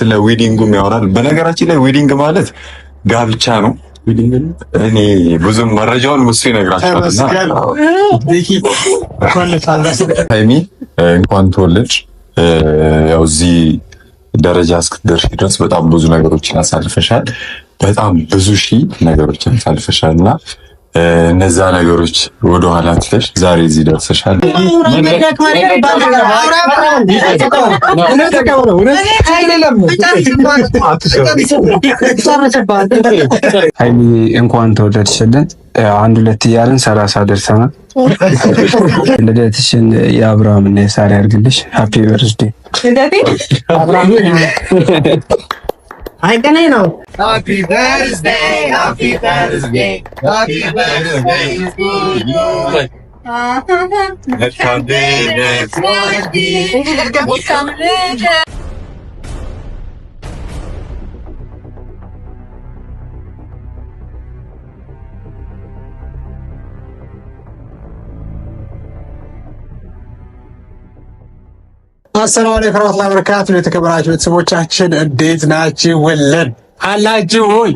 ስለ ዊዲንጉም ያወራል። በነገራችን ላይ ዊዲንግ ማለት ጋብቻ ነው። እኔ ብዙም መረጃውን እሱ ይነግራቸዋልና ሀይሚ እንኳን ተወለድሽ። ያው እዚህ ደረጃ እስክትደርሽ ድረስ በጣም ብዙ ነገሮችን አሳልፈሻል። በጣም ብዙ ሺህ ነገሮችን አሳልፈሻል እና እነዛ ነገሮች ወደኋላ ትለሽ ዛሬ እዚህ ደርሰሻል። ሀይሚ እንኳን ተወለድሽልን። አንድ ሁለት እያልን ሰላሳ ደርሰናል። ልደትሽን የአብርሃም የአብርሃምና የሳሪ ያድርግልሽ። ሀፒ በርዝዴ Happy birthday, happy happy birthday, happy to you. Happy Father's Day! birthday, happy birthday, happy birthday, happy birthday, happy birthday, happy birthday, happy አሰላሙ አለይኩም ወራህመቱላሂ ወበረካቱ። የተከበራችሁ ቤተሰቦቻችን እንዴት ናችሁ? ወለን አላችሁ ሆይ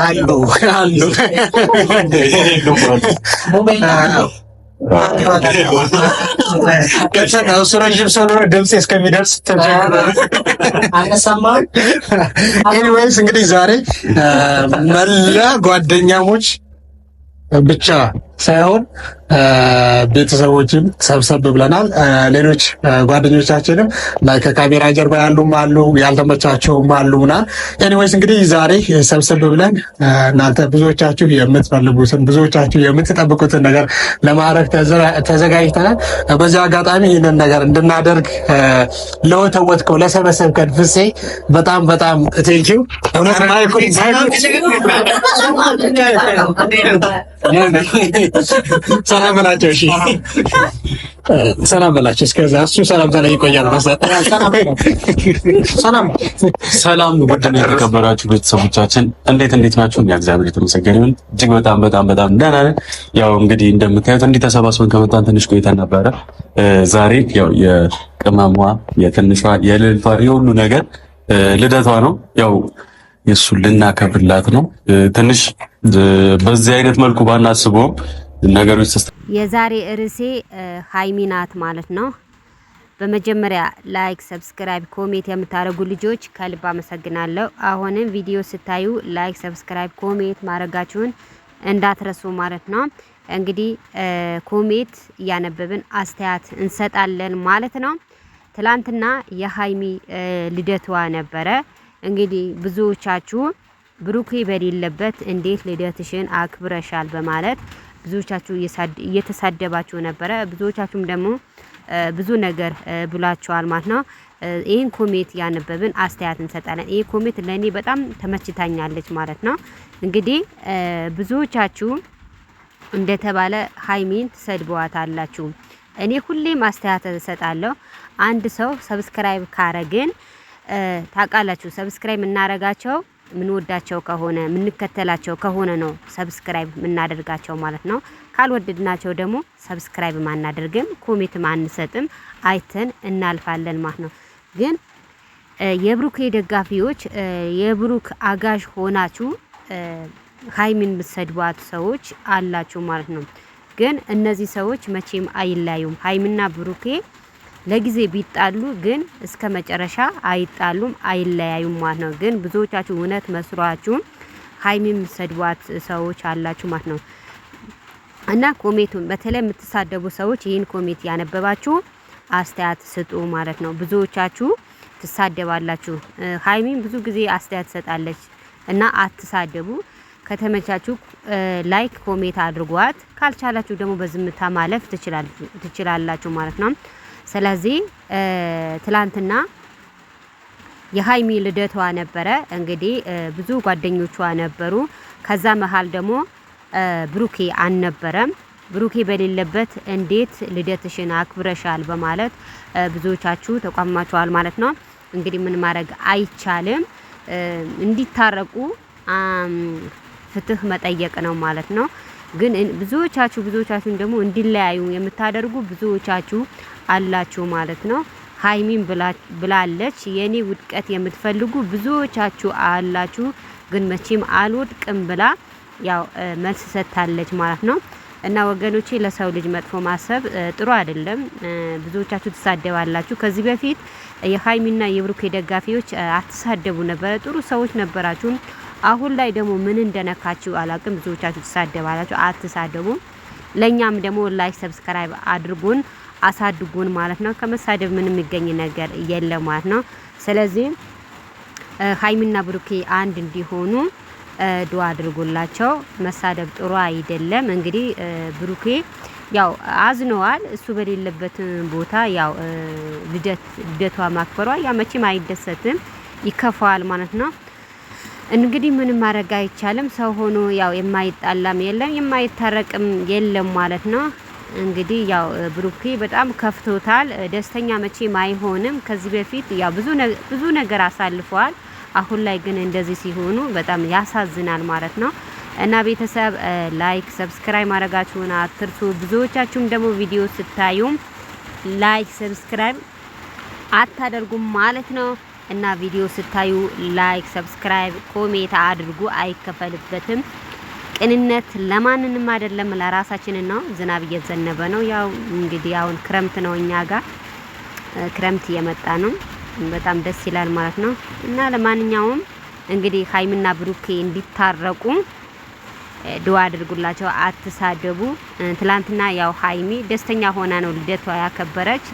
አሉ አሉ እሱ ረዥም ስለሆነ ድምፅ እስከሚደርስ ኤኒዌይስ፣ እንግዲህ ዛሬ መላ ጓደኛሞች ብቻ ሳይሆን ቤተሰቦችን ሰብሰብ ብለናል። ሌሎች ጓደኞቻችንም ከካሜራ ጀርባ ያሉም አሉ፣ ያልተመቻቸውም አሉ ምናምን። ኤኒዌይስ እንግዲህ ዛሬ ሰብሰብ ብለን እናንተ ብዙዎቻችሁ የምትፈልጉትን ብዙዎቻችሁ የምትጠብቁትን ነገር ለማድረግ ተዘጋጅተናል። በዚህ አጋጣሚ ይህንን ነገር እንድናደርግ ለወተወትከው ለሰበሰብከን ፍሴ በጣም በጣም ቴንኪው እውነት ሰላም በላቸው። እሺ ሰላም በላቸው። እስከዛ እሱ ሰላም ላይ ይቆያል። ሰላም ሰላም፣ ውድና የተከበራችሁ ቤተሰቦቻችን እንዴት እንዴት ናችሁ? እኛ እግዚአብሔር የተመሰገነ ይሁን እጅግ በጣም በጣም በጣም ደህና ነን። ያው እንግዲህ እንደምታዩት እንዲህ ተሰባስበን ከመጣን ትንሽ ቆይታ ነበረ። ዛሬ ያው የቅመሟ የትንሿ የልልቷ የሁሉ ነገር ልደቷ ነው። ያው የእሱን ልናከብርላት ነው ትንሽ በዚህ አይነት መልኩ ባናስበውም ነገሮች የዛሬ ርዕሴ ሀይሚ ናት ማለት ነው። በመጀመሪያ ላይክ፣ ሰብስክራይብ፣ ኮሜንት የምታደርጉ ልጆች ከልብ አመሰግናለሁ። አሁንም ቪዲዮ ስታዩ ላይክ፣ ሰብስክራይብ፣ ኮሜንት ማድረጋችሁን እንዳትረሱ ማለት ነው። እንግዲህ ኮሜት እያነበብን አስተያየት እንሰጣለን ማለት ነው። ትላንትና የሀይሚ ልደቷ ነበረ። እንግዲህ ብዙዎቻችሁ ብሩኬ በሌለበት እንዴት ልደትሽን አክብረሻል በማለት ብዙዎቻችሁ እየተሳደባችሁ ነበረ። ብዙዎቻችሁም ደግሞ ብዙ ነገር ብሏቸዋል ማለት ነው። ይህን ኮሜት ያነበብን አስተያየት እንሰጣለን። ይህ ኮሜት ለእኔ በጣም ተመችታኛለች ማለት ነው። እንግዲህ ብዙዎቻችሁ እንደተባለ ሀይሚን አላችሁ። እኔ ሁሌም አስተያየት እሰጣለሁ። አንድ ሰው ሰብስክራይብ ካረግን ታውቃላችሁ፣ ሰብስክራይብ እናረጋቸው የምንወዳቸው ከሆነ የምንከተላቸው ከሆነ ነው ሰብስክራይብ የምናደርጋቸው ማለት ነው። ካልወደድናቸው ደግሞ ሰብስክራይብ ማናደርግም፣ ኮሜትም አንሰጥም፣ አይተን እናልፋለን ማለት ነው። ግን የብሩክ ደጋፊዎች የብሩክ አጋዥ ሆናችሁ ሀይሚን የምትሰድቧት ሰዎች አላችሁ ማለት ነው። ግን እነዚህ ሰዎች መቼም አይለያዩም። ሀይሚና ብሩኬ ለጊዜ ቢጣሉ ግን እስከ መጨረሻ አይጣሉም፣ አይለያዩም ማለት ነው። ግን ብዙዎቻችሁ እውነት መስሏችሁም ሀይሚም ሰድቧት ሰዎች አላችሁ ማለት ነው። እና ኮሜቱን በተለይ የምትሳደቡ ሰዎች ይህን ኮሜት ያነበባችሁ አስተያየት ስጡ ማለት ነው። ብዙዎቻችሁ ትሳደባላችሁ። ሀይሚም ብዙ ጊዜ አስተያየት ትሰጣለች እና አትሳደቡ። ከተመቻችሁ ላይክ ኮሜት አድርጓት፣ ካልቻላችሁ ደግሞ በዝምታ ማለፍ ትችላላችሁ ማለት ነው። ስለዚህ ትላንትና የሀይሚ ልደቷ ነበረ። እንግዲህ ብዙ ጓደኞቿ ነበሩ። ከዛ መሀል ደግሞ ብሩኬ አልነበረም። ብሩኬ በሌለበት እንዴት ልደትሽን አክብረሻል በማለት ብዙዎቻችሁ ተቋማችኋል ማለት ነው። እንግዲህ ምን ማድረግ አይቻልም። እንዲታረቁ ፍትህ መጠየቅ ነው ማለት ነው። ግን ብዙዎቻችሁ ብዙዎቻችሁን ደግሞ እንዲለያዩ የምታደርጉ ብዙዎቻችሁ አላችሁ ማለት ነው። ሀይሚን ብላለች የኔ ውድቀት የምትፈልጉ ብዙዎቻችሁ አላችሁ፣ ግን መቼም አልወድቅም ብላ ያው መልስ ሰጥታለች ማለት ነው። እና ወገኖቼ ለሰው ልጅ መጥፎ ማሰብ ጥሩ አይደለም። ብዙዎቻችሁ ትሳደባላችሁ። ከዚህ በፊት የሀይሚና የብሩኬ ደጋፊዎች አትሳደቡ ነበረ፣ ጥሩ ሰዎች ነበራችሁም አሁን ላይ ደግሞ ምን እንደነካችሁ አላውቅም። ብዙዎቻችሁ ትሳደባላችሁ። አትሳደቡ። ለእኛም ደግሞ ላይክ፣ ሰብስክራይብ አድርጉን፣ አሳድጉን ማለት ነው። ከመሳደብ ምን የሚገኝ ነገር የለም ማለት ነው። ስለዚህ ሀይሚና ብሩኬ አንድ እንዲሆኑ ዱዓ አድርጉላቸው። መሳደብ ጥሩ አይደለም። እንግዲህ ብሩኬ ያው አዝነዋል። እሱ በሌለበት ቦታ ያው ልደት ልደቷ ማክበሯ ያ መቼም አይደሰትም፣ ይከፋዋል ማለት ነው። እንግዲህ ምንም ማድረግ አይቻልም። ሰው ሆኖ ያው የማይጣላም የለም የማይታረቅም የለም ማለት ነው። እንግዲህ ያው ብሩኬ በጣም ከፍቶታል። ደስተኛ መቼም አይሆንም። ከዚህ በፊት ያው ብዙ ነገር አሳልፈዋል። አሁን ላይ ግን እንደዚህ ሲሆኑ በጣም ያሳዝናል ማለት ነው። እና ቤተሰብ ላይክ፣ ሰብስክራይብ ማድረጋችሁን አትርሱ። ብዙዎቻችሁም ደግሞ ቪዲዮ ስታዩም ላይክ፣ ሰብስክራይብ አታደርጉም ማለት ነው። እና ቪዲዮ ስታዩ ላይክ፣ ሰብስክራይብ፣ ኮሜንት አድርጉ። አይከፈልበትም። ቅንነት ለማንንም አይደለም ለራሳችን ነው። ዝናብ እየዘነበ ነው። ያው እንግዲህ አሁን ክረምት ነው፣ እኛ ጋር ክረምት እየመጣ ነው። በጣም ደስ ይላል ማለት ነው። እና ለማንኛውም እንግዲህ ሀይሚና ብሩኬ እንዲታረቁ ድዋ አድርጉላቸው። አትሳደቡ። ትላንትና ያው ሀይሚ ደስተኛ ሆና ነው ልደቷ ያከበረች።